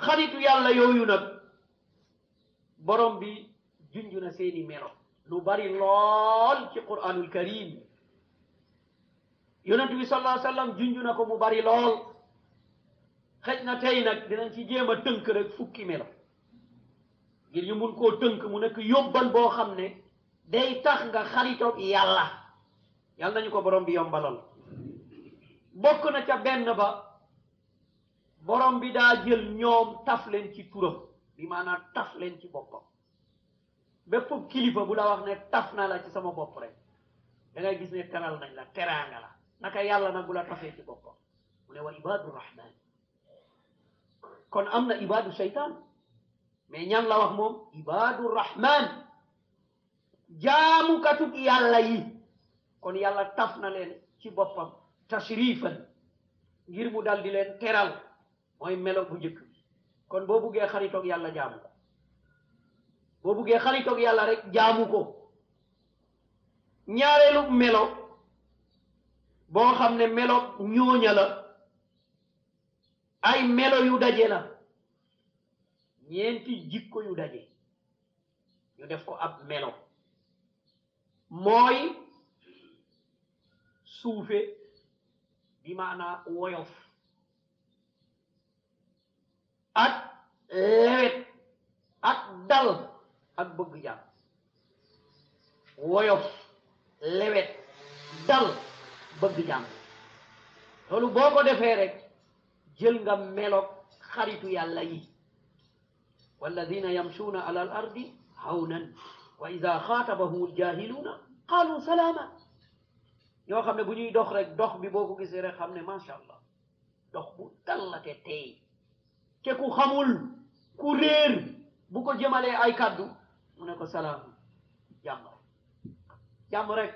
xaritu yàlla yooyu nag borom bi junj na seeni melo lu bari lool ci quraanul karim yonent bi sallallahu alayhi wa junj na ko mu bari lool xëj na tey nag dinañ ci jéem a tënk rek fukki melo ngir ñu mun koo tënk mu nekk yóbbal boo xam ne day tax nga xaritoog yàlla yàlla nañu ko borom bi yombalal bokk na ca benn ba borom bi daa jël ñoom taf leen ci turam bi maanaam taf leen ci boppam bépp kilifa bu la wax ne taf na la ci sama bopp rek da ngay gis ne teral nañ la la naka yàlla nag bu la tafee ci boppam mu ne wa ibadu rahman kon amna na ibadu shaytan mais ñan la wax moom ibadu rahman jamu yàlla yi kon yàlla taf na leen ci boppam tashrifan ngir mu dal di leen teral mooy melo bu njëkk kon boo buggee xaritoog yàlla jaamu ko boo buggee xaritoog yàlla rek jaamu ko ñaareelu melo boo xam ne melo ñooña la ay melo yu daje la ñeenti jikko yu daje ñu def ko ab melo mooy suufe bi maanaa woyof ak leet ak dal ak bëgg jàmm woyof lewet dal bëgg jàmm loolu boo ko defee rek jël nga meloog xaritu yàlla yi والذين يمشون على الأرض هونا وإذا خاطبهم الجاهلون قالوا سلاما يو خامني بو bu دوخ dox دوخ بي بوكو غيسي ko خامني ما شاء الله دوخ بو تالاتي تي te ku xamul ku réer bu ko jëmalee ay kaddu mu ne ko salaam jàmm rek jàmm rek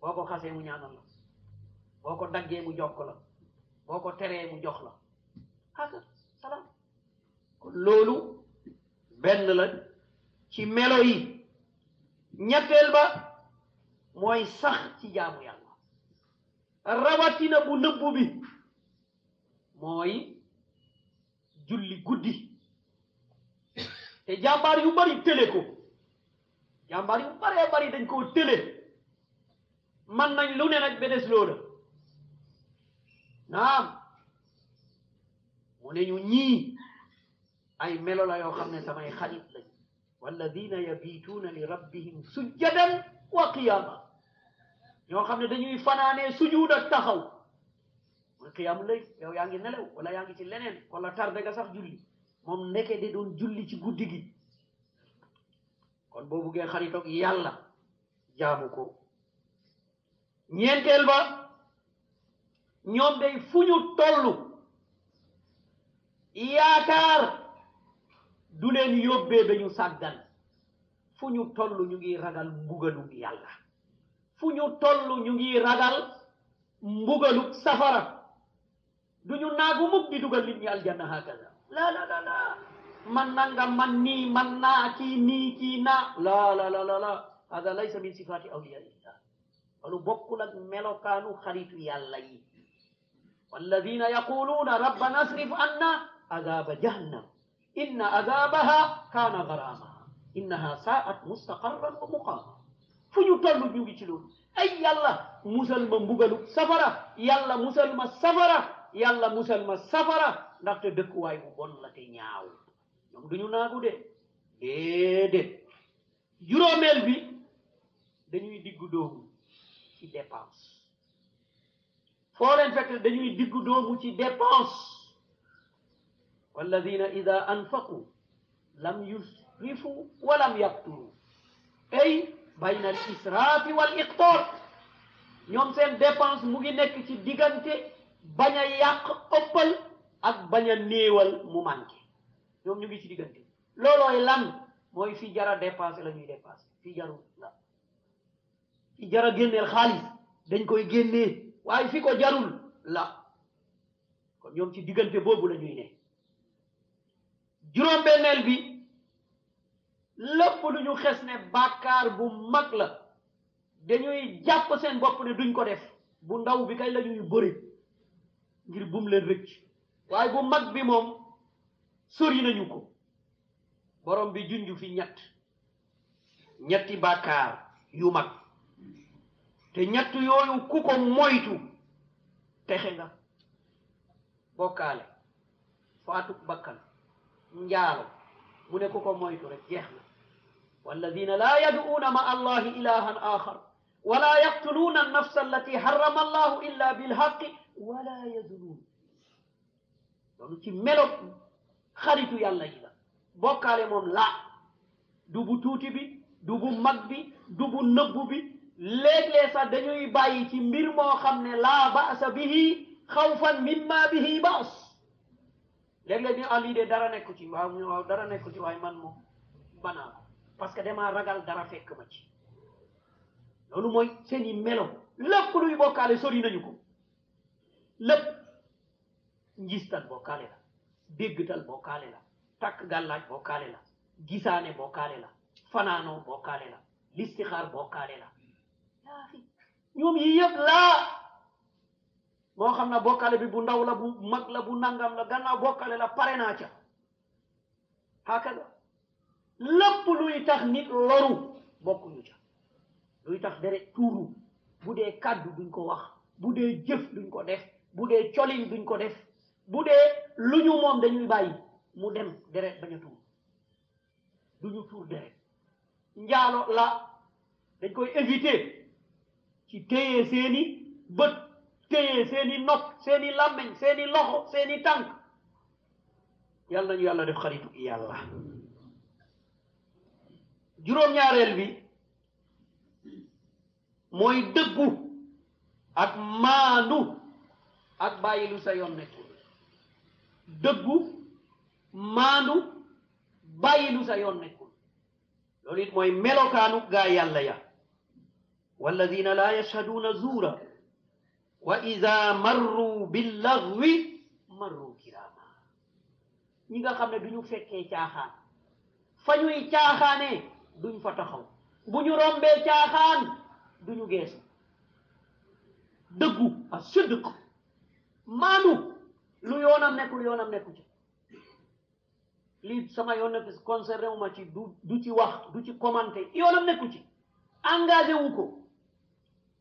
boo ko xasee mu ñaanal la boo ko daggee mu jox la boo ko teree mu jox la xaka ah, salaam loolu benn la ci melo yi ba mooy sax ci jaamu yàlla rawatina bu nëbbu bi mooy julli guddi te jàmbaar yu bari tële ko jàmbaar yu baree bari dañ koo tële man nañ lu ne nag bedes loola naam mu ne ñu ñii ay melo la yoo xam ne samay xarit lañ walladina yabituuna li rabbihim sujjadan wa qiyaama ñoo xam ne dañuy fanaanee sujuud ak taxaw xiyaamu lay yaa ngi nelaw wala yaa ngi ci leneen wala tardé nga sax julli moom nekkee de doon julli ci guddi gi kon boo buggee xaritoog yàlla jaamu ko ñeenteel ba ñoom day fu ñu toll yaakaar du leen yóbbee ba ñu sàggan fu ñu toll ñu ngi ragal mbugalub yàlla safara duñu naagu mukk di dugal nit ñi aljanna hakaza la la la la man nangam man ni man na ki ni ki na la la la la la hada laysa min sifati awliya illah loolu bokkul ak melokaanu xaritu yàlla yi walladina yaquluuna rabbana asrif anna adaba jahannam إن عذابها كان غراما إنها ساءت مستقرا ومقاما muqama fu ñu toll أي ngi ci loolu سفرا yàlla musal سفرا yàlla musal ma safara ndaxte dëkkuwaay bu bon la te ñaaw ñoom duñu naagu de déedéet juróomeel bi dañuy diggu doomu ci dépense foo leen fekk dañuy diggu doomu ci dépense walladina ida anfaqu lam yusrifu wa lam yaqturu bayna al israfi ñoom seen dépense mu ngi nekk ci diggante bañ a yàq ëppal ak bañ a néewal mu manqué ñoom ñu ngi ci diggante loolooy lan mooy fi jara dépassé la ñuy dépassé fii jaru la fii jara génneel xaalis dañ koy génnee waaye fi ko jarul la kon ñoom ci diggante boobu la ñuy juróom-benneel bi lépp lu ñu xes ne bàkkaar bu mag la dañuy jàpp seen bopp ne duñ ko def bu ndaw bi kay la bëri ngir bum leen rëcc waaye bu mag bi moom sori nañu ko borom bi junj fi ñett ñetti bàkkaar yu mag te ñett yooyu ku ko moytu texe nga bokkaale faatuk bakkan njaalo mu ne ku ko moytu rek jeex na والذين لا يدعون مع الله إلها آخر ولا يقتلون النفس التي حرم الله إلا بالحق wala yazunun loolu ci melo xaritu yàlla yi la bokkaale moom la du tuuti bi du bu mag bi du bu nëbbu bi léeg-léeg sax dañuy bàyyi ci mbir moo xam ne laa baasa bihi xawfan mimma bihi baas léeg-léeg ñu ah lii de dara nekku ci waaw dara nekku ci waaye man moom banaa ko parce que damaa ragal dara fekk ma ci loolu mooy seeni melo lépp luy bokkaale sori nañu ko lépp ngistal bokkaale la déggtal bokkaale la takk gàllaaj bokkaale la gisaane bokkaale la fanaanoo bokkaale la listixaar bokkaale la yaa fi ñoom yi yëpp laa moo xam na bokkaale bi bu ndaw la bu mag la bu nangam la gannaaw bokkaale la pare naa ca xaakaga lépp luy tax nit loru bokkuñu ca luy tax deret tuuru bu dee kàddu duñ ko wax bu dee jëf duñ ko def bu dee colin duñ ko def bu dee lu ñu moom dañuy bàyyi mu dem deret bañ a tuur duñu tuur deret njaalo la dañ koy éviter ci téye seeni bët téye seeni nopp seeni làmmiñ seeni loxo seeni tànk yàlla nañu yàlla def xaritu yàlla juróom-ñaareel bi mooy dëggu ak maandu ak bàyyi lu sa yoon nekkul dëggu maandu bàyyi lu sa yoon nekkul loolu it mooy melokaanu gaa yàlla ya walladina laa yashhaduuna zuura wa ida marru billaghwi marru kirama ñi nga xam ne duñu fekkee caaxaan fa ñuy caaxaanee duñ fa taxaw bu ñu rombee caaxaan duñu geesu dëggu a sidq maanu lu yoonam nekkul yoonam nekku ci lii sama yoon nekk concerné ci du du ci wax du ci commenté yoonam nekku ci engagé wu ko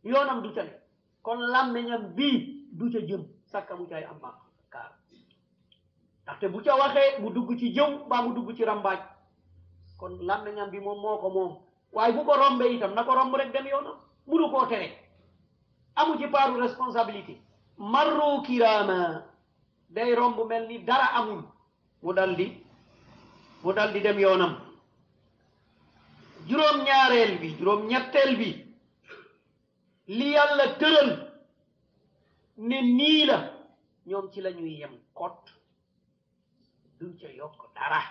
yoonam du ca ne kon làmmiñam bii du ca jëm sàkka mu caay am bàkkaar ndaxte bu ca waxee mu dugg ci jëw mbaa mu dugg ci rambaaj kon làmmiñam bi moom moo ko moom waaye bu ko rombee itam na ko romb rek dem yoonam mënu koo tere amu ci paaru responsabilité marru kirama day romb mel ni dara amul mu daldi mu daldi dem yoonam juróom-ñaareel bi juróom-ñetteel bi li yàlla tëral ne nii la ñoom ci lañuy ñuy yem kot duñ ca yokk dara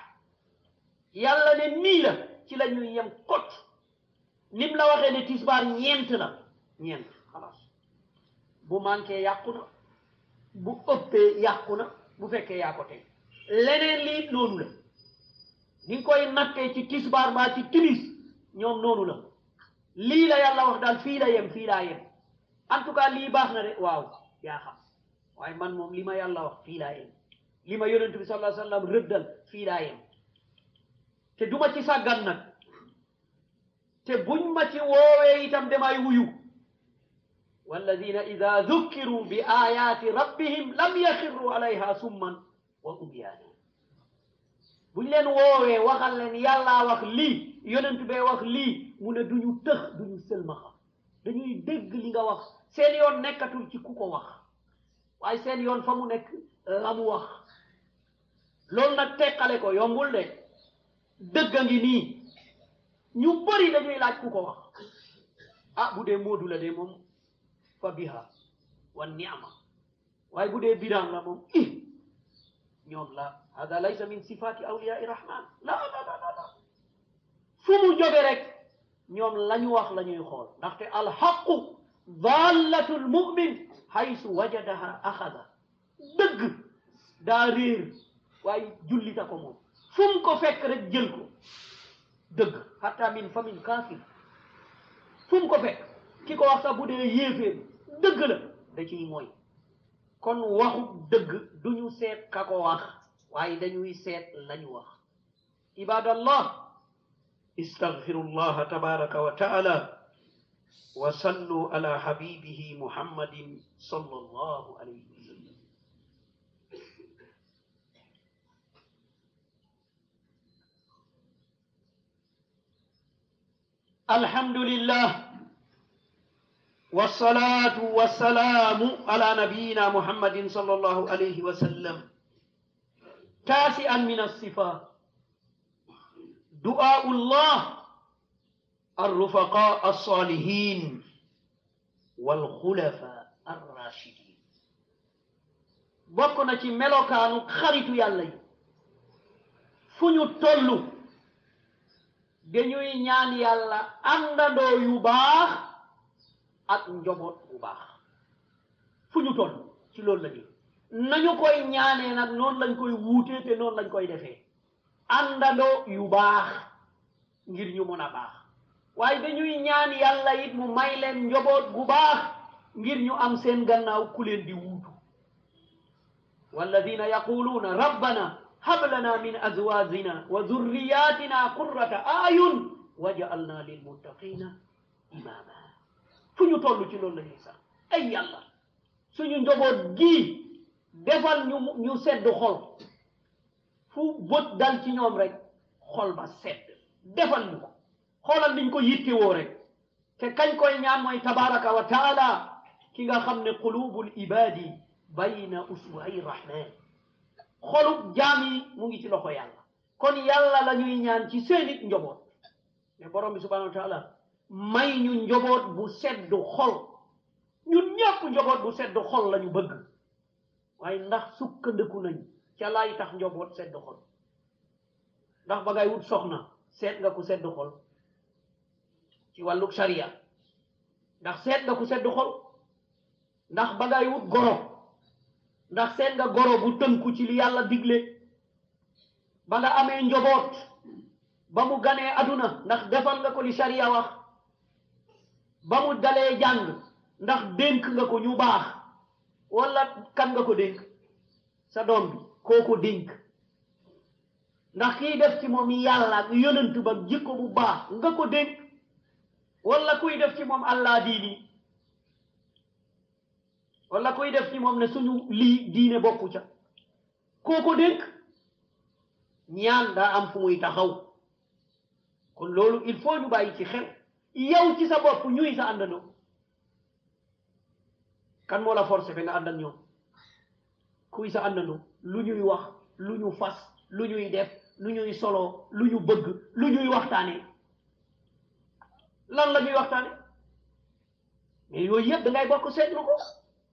yàlla ne nii la ci la yem kot nim la waxee ne tisbaar ñeent la ñeent bu manqué yàqu na bu ëppee yàqu na bu fekkee yaa ko tey leneen lii noonu la ni koy nattee ci tisbaar ba ci timis ñoom noonu la lii la yàlla wax daal fii la yem fii yem en tout cas lii baax na de waaw yaa xam man moom li ma yàlla wax fii yem li ma yonent bi sallallahu alayhi wasallam rëddal fii laa yem te duma ci buñ ma ci woowee itam damay wuyu والذين إذا ذكروا بآيات ربهم لم يخروا عليها سما وعميانا بلين ووي وخلن يلا وخلي يلن تبي وخلي من دنيو تخ دنيو سلمخ دنيو دق لغا وخ سليون نكا تلتي كوكو وخ واي سليون فمو نك لامو آه، وخ لولنا تقاليكو يومبول دي دق ني نيو بري دنيو لاج كوكو وخ أبو آه، دي مودو لدي مومو fa biha wa ni'ma waaye bu dee bidaan la moom i ñoom la hada laysa min sifaati awliyaai rahman la la la la fu mu jóge rek ñoom la ñu wax la ñuy xool ndaxte alxaqu dallatu lmumin haysu wajadaha axada dëgg daa réer waaye jullita ko moom fu mu ko fekk rek jël ko dëgg hatta min famin kaafir fu mu ko fekk ki ko wax sax bu dee yéeféer dëgg la da ciy mooy kon waxu dëgg duñu seet ka ko wax waaye dañuy seet lañu wax ibadallah استغفروا الله تبارك وتعالى وصلوا على حبيبه محمد صلى الله عليه وسلم الحمد لله والصلاة والسلام على نبينا محمد صلى الله عليه وسلم تاسعا من الصفات دعاء الله الرفقاء الصالحين والخلفاء الراشدين بكنا كي ملوكانو خريتو يالي فنو تولو dañuy ñaan yàlla أندا دو يباخ ak njaboot bu baax fu ñu toll ci loolu la ñu nañu koy ñaanee nag noonu lañ koy wuutee te noonu lañ koy defee àndandoo yu baax ngir ñu mun a baax waaye dañuy ñaan yàlla it mu may leen njaboot bu baax ngir ñu am seen gannaaw ku leen di wuutu walladina yaquluuna rabbana hab lana min azwajina wa zurriyatina qurrata ayun waj'alna lilmuttaqina imama fu ñu toll ci loolu la ñuy sax ay yàlla suñu njaboot gii defal ñu ñu sedd xol fu bët dal ci ñoom rek xol ba sedd defal ñu ko xoolal niñ ko yittewoo rek te kañ koy ñaan mooy tabaraka wa taala ki nga xam ne qulubul ibadi bayna usbu'i rahman xolub jaam yi mu ngi ci loxo yàlla kon yàlla la ñuy ñaan ci seen it njaboot borom bi subhanahu wa taala may ñu njaboot bu sedd xol ñun ñëpp njaboot bu sedd xol lañu bëgg waaye ndax sukkandiku nañ ca laay tax njoboot seddu xol ndax ba ngay wut soxna seet nga ku seddu xol ci wàllu sharia ndax seet nga ku sedd xol ndax ba ngay wut goro ndax seet nga goro bu tënku ci li yàlla digle ba nga amee njaboot ba mu ganee aduna ndax defal nga ko li sharia wax ba mu dalee jàng ndax dénk nga ko ñu baax wala kan nga ko dénk sa doom bi koo ko dénk ndax kii def ci moom yàlla ak yonent ba jikko bu baax nga ko dénk wala kuy def ci moom allah diini wala kuy def ci moom ne suñu lii diine bokku ca koo ko dénk ñaan daa am fu muy taxaw kon loolu il faut ñu bàyyi ci xel yow ci sa bopp ñuy sa àndandoo kan moo la forcé fi nga kuy sa àndandoo lu ñuy wax lu ñu fas lu ñuy def lu ñuy solo lu ñu bëgg lu ñuy waxtaanee lan la ñuy waxtaane mais yooyu yëpp da ngay bokk seetlu ko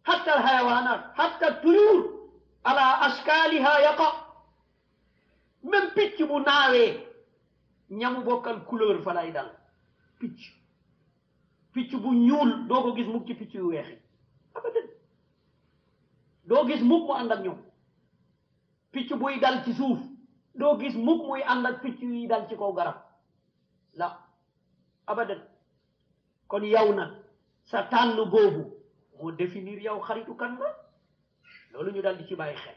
hatta al xayawaanaat hatta tuyuur ala ashkaaliha yaqa même picc bu naawee ñamu bokkal couleur fa lay dal picc picc bu ñuul doo ko gis mukk ci picc yu weex yi doo gis mukk mu ànd ak ñoom picc buy dal ci suuf doo gis mukk muy ànd ak picc yi dal ci kaw garab la abadan kon yow na sa tànn boobu moo définir yow xaritu kan la loolu ñu dal di ci bàyyi xel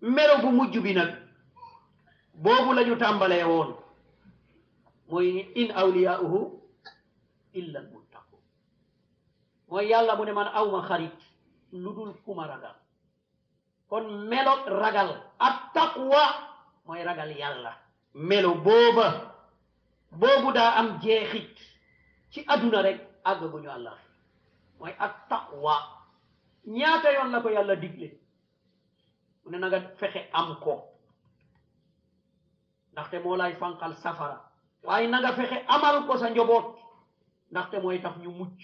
melo bu mujj bi nag boobu la ñu tàmbalee woon mooy in awliyauhu illa al muttaqun mooy yàlla mu ne man awma xarit lu dul kuma ragal kon melo ragal at taqwa mooy ragal yàlla melo booba boobu daa am jeexit ci adduna rek àgg bu ñu mooy at taqwa ñaata yoon la ko yàlla digle mu ne na fexe am ko ndaxte moo lay fanqal safara waaye na nga fexe amal ko sa njaboot ndaxte mooy tax ñu mucc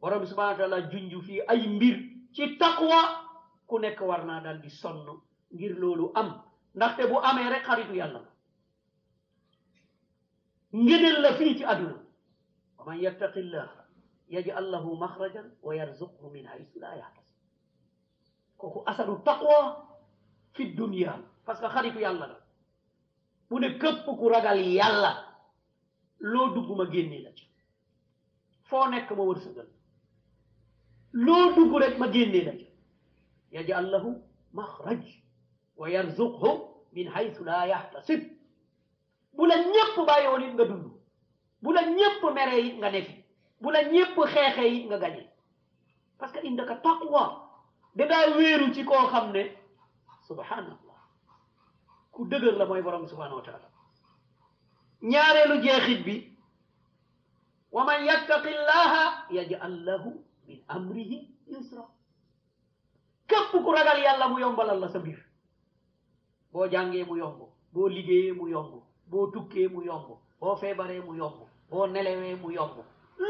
borom bi wa taala junju fii ay mbir ci taqwa ku nekk war naa daal di sonn ngir loolu am ndaxte bu amee rek xaritu yàlla la ngëneel la fii ci àdduna wa man yattaqillah yaj'al lahu maxrajan wa yarzuqhu min haysu laa yahtasib kooku asaru taqwa fi dunya parce que xaritu yàlla la bu ne képp ku ragal yàlla loo dugg ma génnee la foo nekk ma wërsëgal loo dugg rek ma génnee la ca yajal lahu maxraj wa yarzuqhu min haythu laa yaxtasib bu la ñépp bàyyoon it nga dund bu la ñépp mere it nga nefi bu la ñépp xeexee it nga gañe parce que indaka taqwa dangaa wéeru ci koo xam ne subhanallah ku dëgër la mooy borom subhanahu wa taala ñaareelu jeexit bi wa man yattaqi llaha yaj'al min amrihi yusra képp ku ragal yàlla mu yombalal la sa mbir boo jàngee mu yomb boo liggéeyee mu yomb boo tukkee mu yomb boo feebaree mu yomb boo nelewee mu yomb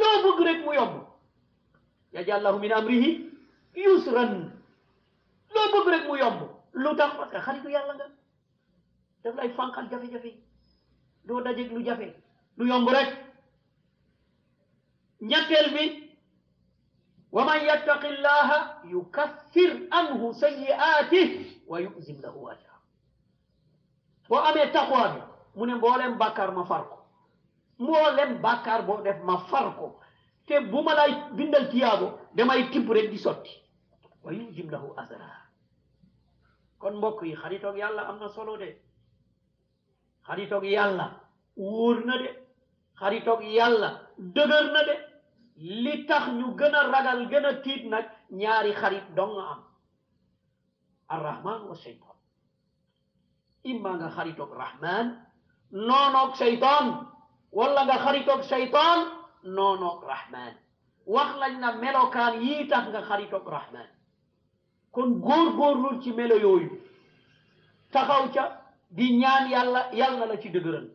loo bëgg rek mu yomb yaj'al min amrihi yusran loo bëgg rek mu yomb lu tax parce que xaritu yàlla nga daf lay fànqal jafe doo dajeeg lu jafe lu yomb rek ñetteel bi wa man yattaqi llaha yukaffir anhu sayyi'aatihi wa yuzim lahu ajra boo amee taqwa bi mu ne mboolem bàkkaar ma far ko mboolem bàkkaar boo def ma far ko te bu ma lay bindal tiyaabo damay tibb rek di sotti wa yuzim lahu ajra kon mbokk yi xaritoog yàlla am na solo de xaritoog yàlla wóor na de xaritoog yàlla dëgër na de li tax ñu gën a ragal gën a tiit nag ñaari xarit dong nga am arrahman wa seytaan imma nga xaritoog rahman noonoog seytaan wala nga xaritoog seytaan noonoog rahman wax lañ na melokaan yii tax nga xaritoog rahman kon góor góorlul ci melo yooyu taxaw ca di ñaan yàlla yàlla na la ci dëgëral